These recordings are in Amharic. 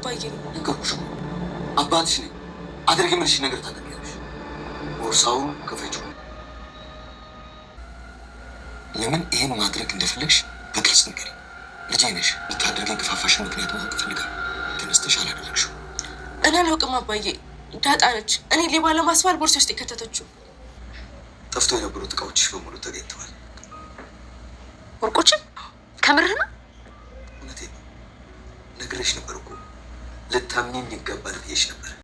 አባዬ ነገርኩሽ። አባትሽ ነኝ። አድርግ የምልሽን ነገር ታደርጊያለሽ። ቦርሳውን ክፈጩ። ለምን ይህን ማድረግ እንደፈለግሽ በግልጽ ንገሪ። ልጄ ነሽ። ልታደርገ ገፋፋሽን ምክንያት ማወቅ ፈልጋል። ተነስተሽ አላደረግሽው። እኔ አላውቅም አባዬ። ዳጣ ነች እኔ ሌባ ለማስባል ቦርሳ ውስጥ የከተተችው። ጠፍቶ የነበሩት እቃዎችሽ በሙሉ ተገኝተዋል። ወርቆችን ከምርህ ነው? እውነቴን ነው። ነግሬሽ ነበሩ ልታምኝ ይገባል ብዬሽ ነበር።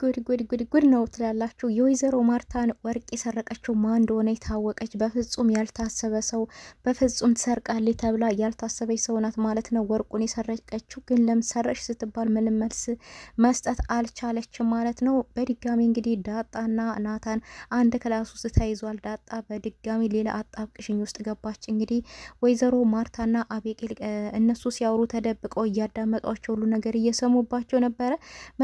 ጉድ ጉድ ጉድ ጉድ ነው ትላላችሁ። የወይዘሮ ማርታን ወርቅ የሰረቀችው ማን እንደሆነ የታወቀች በፍጹም ያልታሰበ ሰው በፍጹም ትሰርቃለች ተብላ ያልታሰበች ሰው ናት ማለት ነው። ወርቁን የሰረቀችው ግን ለምሰረች ስትባል ምንም መልስ መስጠት አልቻለችም ማለት ነው። በድጋሚ እንግዲህ ዳጣና ናታን አንድ ክላስ ውስጥ ተይዟል። ዳጣ በድጋሚ ሌላ አጣብቅሽኝ ውስጥ ገባች። እንግዲህ ወይዘሮ ማርታና አቤቄል እነሱ ሲያወሩ ተደብቀው እያዳመጧቸው ሁሉ ነገር እየሰሙባቸው ነበረ።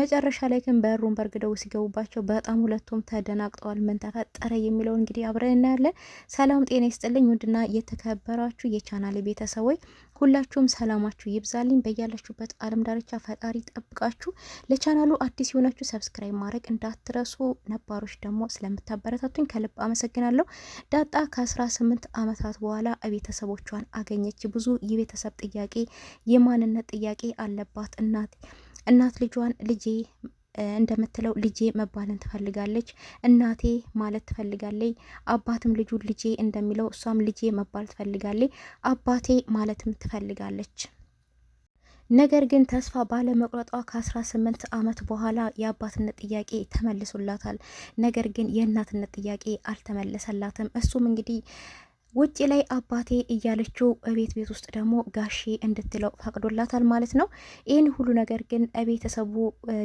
መጨረሻ ላይ ግን በሩን አርግደው ሲገቡባቸው በጣም ሁለቱም ተደናግጠዋል። ምን ተፈጠረ የሚለው እንግዲህ አብረን እናያለን። ሰላም ጤና ይስጥልኝ ውድና የተከበራችሁ የቻናል ቤተሰቦች ሁላችሁም ሰላማችሁ ይብዛልኝ። በያላችሁበት ዓለም ዳርቻ ፈጣሪ ጠብቃችሁ። ለቻናሉ አዲስ የሆናችሁ ሰብስክራይብ ማድረግ እንዳትረሱ፣ ነባሮች ደግሞ ስለምታበረታቱኝ ከልብ አመሰግናለሁ። ዳጣ ከ18 ዓመታት በኋላ ቤተሰቦቿን አገኘች። ብዙ የቤተሰብ ጥያቄ፣ የማንነት ጥያቄ አለባት እናት እናት ልጇን ልጄ እንደምትለው ልጄ መባልን ትፈልጋለች፣ እናቴ ማለት ትፈልጋለች። አባትም ልጁ ልጄ እንደሚለው እሷም ልጄ መባል ትፈልጋለች፣ አባቴ ማለትም ትፈልጋለች። ነገር ግን ተስፋ ባለመቁረጧ ከ18 ዓመት በኋላ የአባትነት ጥያቄ ተመልሶላታል። ነገር ግን የእናትነት ጥያቄ አልተመለሰላትም። እሱም እንግዲህ ውጭ ላይ አባቴ እያለችው እቤት ቤት ውስጥ ደግሞ ጋሼ እንድትለው ፈቅዶላታል ማለት ነው። ይህን ሁሉ ነገር ግን ቤተሰቡ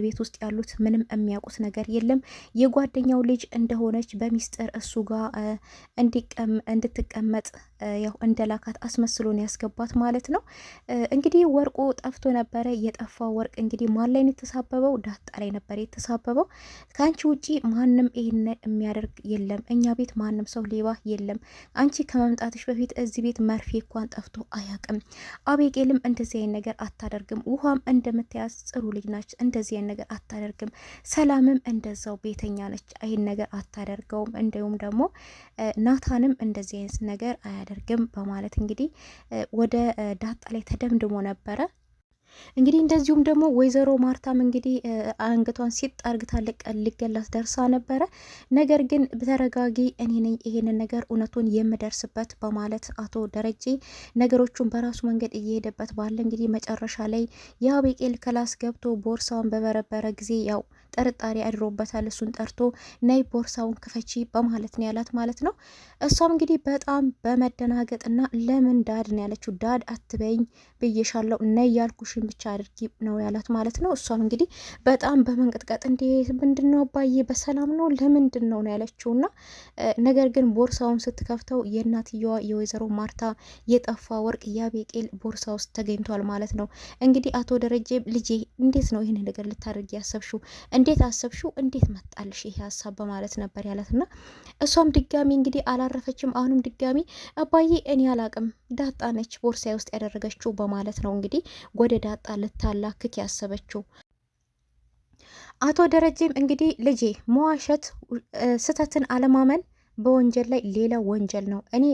ቤት ውስጥ ያሉት ምንም የሚያውቁት ነገር የለም። የጓደኛው ልጅ እንደሆነች በሚስጥር እሱ ጋር እንድትቀመጥ ያው እንደላካት አስመስሎን ያስገባት ማለት ነው። እንግዲህ ወርቁ ጠፍቶ ነበረ። የጠፋ ወርቅ እንግዲህ ማን ላይ ነው የተሳበበው? ዳጣ ላይ ነበር የተሳበበው። ከአንቺ ውጪ ማንም ይህን የሚያደርግ የለም። እኛ ቤት ማንም ሰው ሌባ የለም። አንቺ ከመምጣትሽ በፊት እዚህ ቤት መርፌ እንኳን ጠፍቶ አያውቅም። አቤቄልም እንደዚህ አይነት ነገር አታደርግም። ውሃም እንደምትያዝ ጥሩ ልጅ ናች፣ እንደዚህ አይነት ነገር አታደርግም። ሰላምም እንደዛው ቤተኛ ነች፣ ይህን ነገር አታደርገውም። እንዲሁም ደግሞ ናታንም እንደዚህ አይነት ነገር አያደርግም በማለት እንግዲህ ወደ ዳጣ ላይ ተደምድሞ ነበረ። እንግዲህ እንደዚሁም ደግሞ ወይዘሮ ማርታም እንግዲህ አንገቷን ሲጥ አርግታ ልገላት ደርሳ ነበረ። ነገር ግን በተረጋጊ እኔ ነኝ ይሄንን ነገር እውነቱን የምደርስበት በማለት አቶ ደረጀ ነገሮቹን በራሱ መንገድ እየሄደበት ባለ እንግዲህ መጨረሻ ላይ ያው ቤቄል ክላስ ገብቶ ቦርሳውን በበረበረ ጊዜ ያው ጥርጣሬ አድሮበታል። እሱን ጠርቶ ነይ ቦርሳውን ክፈቺ በማለት ነው ያላት ማለት ነው። እሷም እንግዲህ በጣም በመደናገጥና ለምን ዳድ ነው ያለችው። ዳድ አትበይኝ ብዬሻለው ነይ ያልኩሽ ያለብሽን ብቻ አድርጊ ነው ያላት ማለት ነው። እሷም እንግዲህ በጣም በመንቀጥቀጥ እንዴ ምንድን ነው አባዬ በሰላም ነው ለምንድን ነው ነው ያለችው እና ነገር ግን ቦርሳውን ስትከፍተው የእናትየዋ የወይዘሮ ማርታ የጠፋ ወርቅ ያቤቄል ቦርሳ ውስጥ ተገኝቷል ማለት ነው። እንግዲህ አቶ ደረጀ ልጄ እንዴት ነው ይህን ነገር ልታደርጊ ያሰብሽው? እንዴት አሰብሽው? እንዴት መጣልሽ ይሄ ሀሳብ በማለት ነበር ያላት እና እሷም ድጋሚ እንግዲህ አላረፈችም። አሁንም ድጋሚ አባዬ እኔ አላቅም ዳጣ ነች ቦርሳ ውስጥ ያደረገችው በማለት ነው እንግዲህ ወደ ዳጣ ልታላክክ ያሰበችው። አቶ ደረጀም እንግዲህ ልጄ መዋሸት፣ ስህተትን አለማመን በወንጀል ላይ ሌላ ወንጀል ነው። እኔ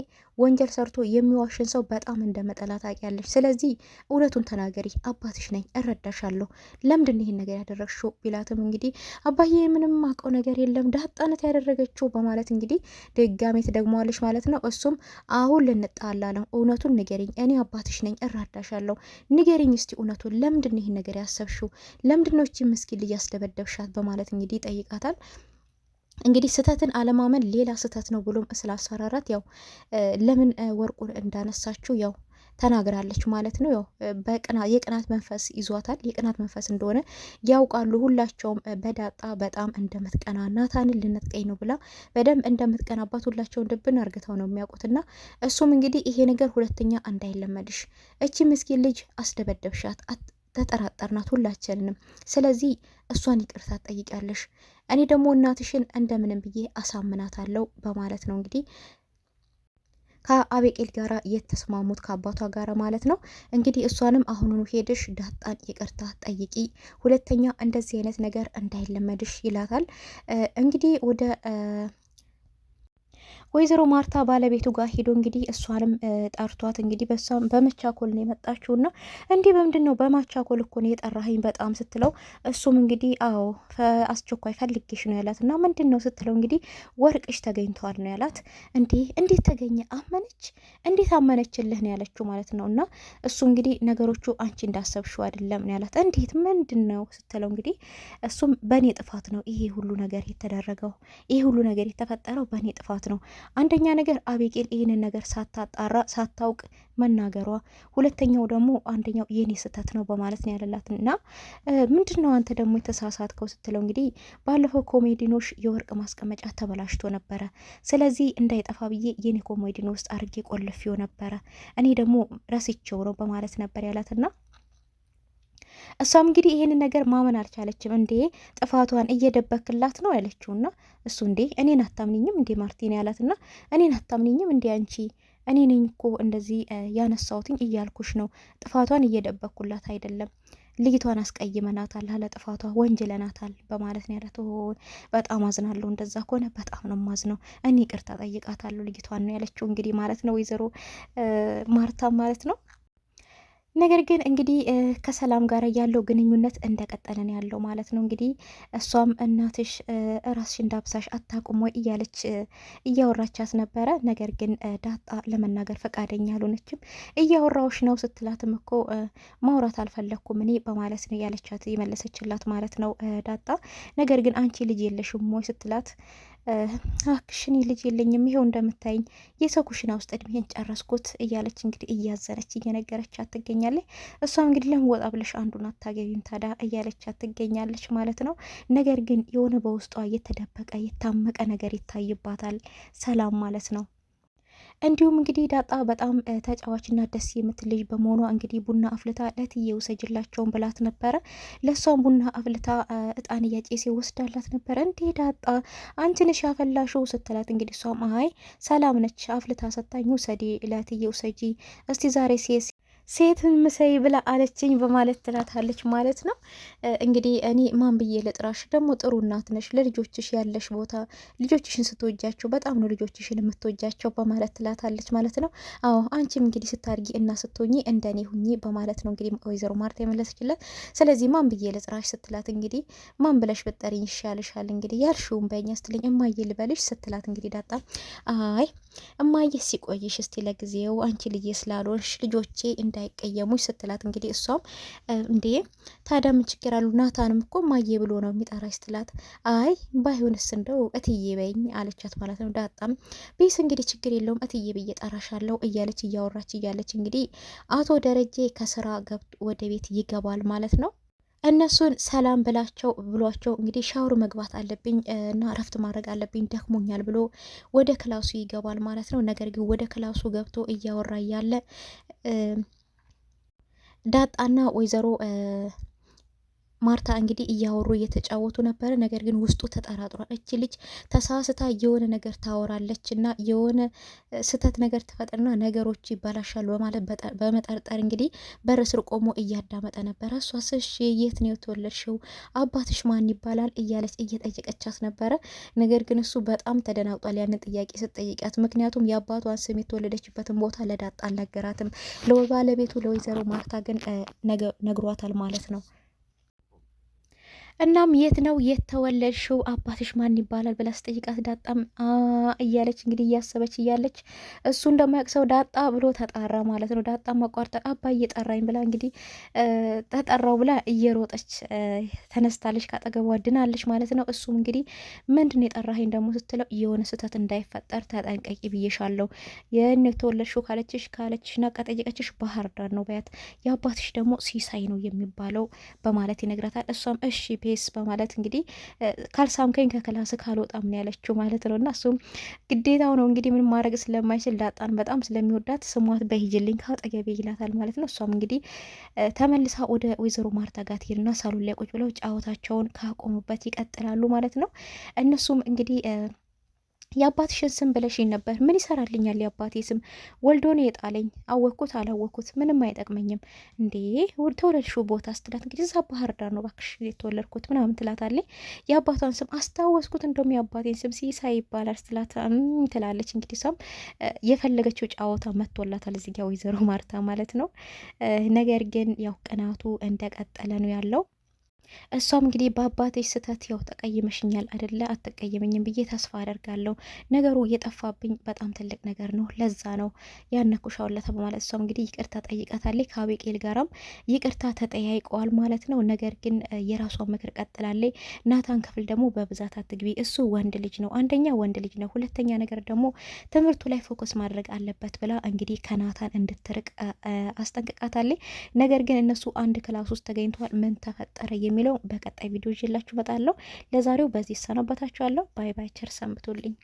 ወንጀል ሰርቶ የሚዋሽን ሰው በጣም እንደመጠላ ታውቂያለሽ። ስለዚህ እውነቱን ተናገሪ፣ አባትሽ ነኝ፣ እረዳሻለሁ። ለምንድን ይሄን ነገር ያደረግሽው ቢላትም እንግዲህ አባዬ የምንም አውቀው ነገር የለም ዳጣነት ያደረገችው በማለት እንግዲህ ድጋሜ ትደግመዋለች ማለት ነው። እሱም አሁን ልንጣላ ነው፣ እውነቱን ንገሪኝ፣ እኔ አባትሽ ነኝ፣ እረዳሻለሁ። ንገሪኝ እስቲ እውነቱን። ለምንድን ይሄን ነገር ያሰብሽው? ለምንድን ነው ይቺ ምስኪን ልጅ ያስደበደብሻት? በማለት እንግዲህ ይጠይቃታል። እንግዲህ ስህተትን አለማመን ሌላ ስህተት ነው ብሎም ስላስፈራራት ያው ለምን ወርቁን እንዳነሳችው ያው ተናግራለች ማለት ነው። ያው የቅናት መንፈስ ይዟታል። የቅናት መንፈስ እንደሆነ ያውቃሉ ሁላቸውም። በዳጣ በጣም እንደምትቀና ናታንን ልነጥቀኝ ነው ብላ በደንብ እንደምትቀናባት ሁላቸውን ድብን አርግተው ነው የሚያውቁትና እሱም እንግዲህ ይሄ ነገር ሁለተኛ እንዳይለመድሽ፣ እቺ ምስኪን ልጅ አስደበደብሻት፣ ተጠራጠርናት ሁላችንንም። ስለዚህ እሷን ይቅርታ ትጠይቂያለሽ እኔ ደግሞ እናትሽን እንደምንም ብዬ አሳምናታለሁ በማለት ነው እንግዲህ ከአቤቄል ጋር የተስማሙት ከአባቷ ጋር ማለት ነው። እንግዲህ እሷንም አሁኑኑ ሄድሽ ዳጣን ይቅርታ ጠይቂ፣ ሁለተኛ እንደዚህ አይነት ነገር እንዳይለመድሽ ይላታል። እንግዲህ ወደ ወይዘሮ ማርታ ባለቤቱ ጋር ሄዶ እንግዲህ እሷንም ጠርቷት እንግዲህ በመቻኮል ነው የመጣችውና እንዲህ በምንድን ነው በማቻኮል እኮ ነው የጠራኸኝ በጣም ስትለው እሱም እንግዲህ አዎ አስቸኳይ ፈልጌሽ ነው ያላት እና ምንድን ነው ስትለው እንግዲህ ወርቅሽ ተገኝተዋል ነው ያላት። እንዲህ እንዴት ተገኘ አመነች እንዴት አመነችልህ ነው ያለችው ማለት ነው። እና እሱ እንግዲህ ነገሮቹ አንቺ እንዳሰብሽው አይደለም ነው ያላት። እንዴት ምንድን ነው ስትለው እንግዲህ እሱም በእኔ ጥፋት ነው ይሄ ሁሉ ነገር የተደረገው ይሄ ሁሉ ነገር የተፈጠረው በእኔ ጥፋት ነው አንደኛ ነገር አቤቄል ይህንን ነገር ሳታጣራ ሳታውቅ መናገሯ፣ ሁለተኛው ደግሞ አንደኛው የኔ ስህተት ነው በማለት ነው ያለላት እና ምንድን ነው አንተ ደግሞ የተሳሳትከው ስትለው እንግዲህ ባለፈው ኮሜዲኖሽ የወርቅ ማስቀመጫ ተበላሽቶ ነበረ። ስለዚህ እንዳይጠፋ ብዬ የኔ ኮሜዲኖ ውስጥ አድርጌ ቆልፌው ነበረ እኔ ደግሞ ረስቼው ነው በማለት ነበር ያላት እና እሷም እንግዲህ ይሄንን ነገር ማመን አልቻለችም። እንዴ ጥፋቷን እየደበክላት ነው ያለችውና እሱ እንዴ እኔን አታምንኝም እንዴ ማርቲን ያላትና እኔን አታምንኝም እንዴ አንቺ እኔ ነኝ እኮ እንደዚህ ያነሳውትኝ እያልኩሽ ነው። ጥፋቷን እየደበኩላት አይደለም ልጅቷን አስቀይመናታል፣ አለ ጥፋቷ ወንጅለናታል በማለት ነው ያለት። በጣም አዝናለሁ፣ እንደዛ ከሆነ በጣም ነው ማዝነው። እኔ ቅርታ ጠይቃታለሁ ልጅቷን ነው ያለችው እንግዲህ ማለት ነው ወይዘሮ ማርታ ማለት ነው። ነገር ግን እንግዲህ ከሰላም ጋር ያለው ግንኙነት እንደቀጠለን ያለው ማለት ነው። እንግዲህ እሷም እናትሽ ራስሽ እንዳብሳሽ አታቁሞ እያለች እያወራቻት ነበረ። ነገር ግን ዳጣ ለመናገር ፈቃደኛ አልሆነችም። እያወራዎች ነው ስትላትም እኮ ማውራት አልፈለግኩም እኔ በማለት ነው ያለቻት የመለሰችላት ማለት ነው ዳጣ። ነገር ግን አንቺ ልጅ የለሽም ወይ ስትላት አክሽን ልጅ የለኝም ይኸው እንደምታይኝ የሰው ኩሽና ውስጥ እድሜን ጨረስኩት እያለች እንግዲህ እያዘነች እየነገረች ትገኛለች። እሷ እንግዲህ ለምን ወጣ ብለሽ አንዱን አታገቢም ታዲያ እያለች ትገኛለች ማለት ነው። ነገር ግን የሆነ በውስጧ የተደበቀ የታመቀ ነገር ይታይባታል ሰላም ማለት ነው። እንዲሁም እንግዲህ ዳጣ በጣም ተጫዋችና ደስ የምትል ልጅ በመሆኗ እንግዲህ ቡና አፍልታ ለትዬ ውሰጅላቸውን ብላት ነበረ። ለእሷም ቡና አፍልታ እጣን እያጨሴ ወስዳላት ነበረ። እንዲህ ዳጣ አንቺ ነሽ ያፈላሽው ስትላት እንግዲህ እሷም አይ ሰላም ነች አፍልታ ሰታኝ ውሰዴ ለትዬ ውሰጂ እስቲ ዛሬ ሴስ ሴትን ምሰይ ብላ አለችኝ በማለት ትላታለች ማለት ነው። እንግዲህ እኔ ማን ብዬ ልጥራሽ? ደግሞ ጥሩ እናት ነሽ፣ ለልጆችሽ ያለሽ ቦታ ልጆችሽን ስትወጃቸው በጣም ነው ልጆችሽን የምትወጃቸው በማለት ትላታለች ማለት ነው። አዎ አንቺም እንግዲህ ስታድጊ እና ስትሆኚ እንደኔ ሁኚ በማለት ነው እንግዲህ ወይዘሮ ማርታ የመለሰችለት። ስለዚህ ማን ብዬ ልጥራሽ ስትላት እንግዲህ ማን ብለሽ ብጠሪኝ ይሻልሻል እንግዲህ ያልሽውን በኛ ስትለኝ እማዬ ልበልሽ ስትላት እንግዲህ ዳጣ አይ እማዬ ሲቆይሽ እስቲ ለጊዜው አንቺ ልዬ ስላልሆንሽ ልጆቼ እንደ እንዳይቀየሙች ስትላት እንግዲህ እሷም እንዴ ታዲያ ምን ችግር አሉ ናታንም እኮ ማየ ብሎ ነው የሚጠራች ስትላት አይ ባይሆንስ እንደው እትዬ በይኝ አለቻት ማለት ነው። ዳጣም ቤስ እንግዲህ ችግር የለውም እትዬ ብዬ ጠራሻለሁ እያለች እያወራች እያለች እንግዲህ አቶ ደረጀ ከስራ ገብቶ ወደ ቤት ይገባል ማለት ነው። እነሱን ሰላም ብላቸው ብሏቸው እንግዲህ ሻወር መግባት አለብኝ እና እረፍት ማድረግ አለብኝ ደክሞኛል ብሎ ወደ ክላሱ ይገባል ማለት ነው። ነገር ግን ወደ ክላሱ ገብቶ እያወራ እያለ ዳጣና ወይዘሮ ማርታ እንግዲህ እያወሩ እየተጫወቱ ነበረ። ነገር ግን ውስጡ ተጠራጥሯል። እች ልጅ ተሳስታ የሆነ ነገር ታወራለች እና የሆነ ስህተት ነገር ትፈጥርና ነገሮች ይበላሻሉ በማለት በመጠርጠር እንግዲህ በር ስር ቆሞ እያዳመጠ ነበረ። እሷስ የት ነው የተወለድሽው? አባትሽ ማን ይባላል? እያለች እየጠየቀቻት ነበረ። ነገር ግን እሱ በጣም ተደናውጧል ያንን ጥያቄ ስትጠይቂያት፣ ምክንያቱም የአባቷን ስም የተወለደችበትን ቦታ ለዳጣ አልነገራትም። ለባለቤቱ ለወይዘሮ ማርታ ግን ነግሯታል ማለት ነው። እናም የት ነው የተወለድሽው? አባትሽ ማን ይባላል ብላ ስጠይቃት ዳጣም እያለች እንግዲህ እያሰበች እያለች እሱ እንደማያውቅ ሰው ዳጣ ብሎ ተጣራ ማለት ነው። ዳጣ መቋርጠ አባ እየጠራኝ ብላ እንግዲህ ተጠራው ብላ እየሮጠች ተነስታለች። ካጠገቧ ድናለች ማለት ነው። እሱም እንግዲህ ምንድን የጠራኸኝ ደግሞ ስትለው የሆነ ስህተት እንዳይፈጠር ተጠንቀቂ ብዬሻለሁ። የት ነው የተወለድሽው ካለችሽ ካለችሽና ከጠየቀችሽ ባህር ዳር ነው በያት። የአባትሽ ደግሞ ሲሳይ ነው የሚባለው በማለት ይነግራታል። እሷም እሺ ፔስ በማለት እንግዲህ ካልሳምከኝ ከክላስ ካልወጣም ነው ያለችው ማለት ነው። እና እሱም ግዴታው ነው እንግዲህ ምን ማድረግ ስለማይችል ዳጣን በጣም ስለሚወዳት ስሟት በሂጅልኝ ከአጠገቤ ይላታል ማለት ነው። እሷም እንግዲህ ተመልሳ ወደ ወይዘሮ ማርታ ጋር ትሄድና ሳሎን ላይ ቁጭ ብለው ጫወታቸውን ካቆሙበት ይቀጥላሉ ማለት ነው። እነሱም እንግዲህ የአባትሽን ስም ብለሽኝ ነበር። ምን ይሰራልኛል የአባቴ ስም? ወልዶን የጣለኝ። አወቅኩት አላወቅኩት ምንም አይጠቅመኝም። እንዴ ተወለድሽው ቦታ ስትላት እንግዲህ እዛ ባህር ዳር ነው እባክሽ የተወለድኩት ምናምን ትላታለች። የአባቷን ስም አስታወስኩት፣ እንደውም የአባቴን ስም ሲሳይ ይባላል ስትላት ትላለች። እንግዲህ እሷም የፈለገችው ጫወታ መጥቶላታል እዚጋ ወይዘሮ ማርታ ማለት ነው። ነገር ግን ያው ቅናቱ እንደቀጠለ ነው ያለው። እሷም እንግዲህ በአባትሽ ስህተት ያው ተቀይመሽኛል አደለ? አትቀይመኝም ብዬ ተስፋ አደርጋለሁ። ነገሩ የጠፋብኝ በጣም ትልቅ ነገር ነው። ለዛ ነው ያነኩሽ በማለት እሷም እንግዲህ ይቅርታ ጠይቃታለች። ከአቤቄል ጋራም ይቅርታ ተጠያይቀዋል ማለት ነው። ነገር ግን የራሷን ምክር ቀጥላለች። ናታን ክፍል ደግሞ በብዛት አትግቢ፣ እሱ ወንድ ልጅ ነው። አንደኛ ወንድ ልጅ ነው፣ ሁለተኛ ነገር ደግሞ ትምህርቱ ላይ ፎከስ ማድረግ አለበት ብላ እንግዲህ ከናታን እንድትርቅ አስጠንቅቃታለች። ነገር ግን እነሱ አንድ ክላስ ውስጥ ተገኝተዋል። ምን ተፈጠረ የሚ የሚለው በቀጣይ ቪዲዮ ይዤላችሁ እመጣለሁ። ለዛሬው በዚህ እሰናበታችኋለሁ። ባይ ባይ፣ ቸር ሰንብቱልኝ።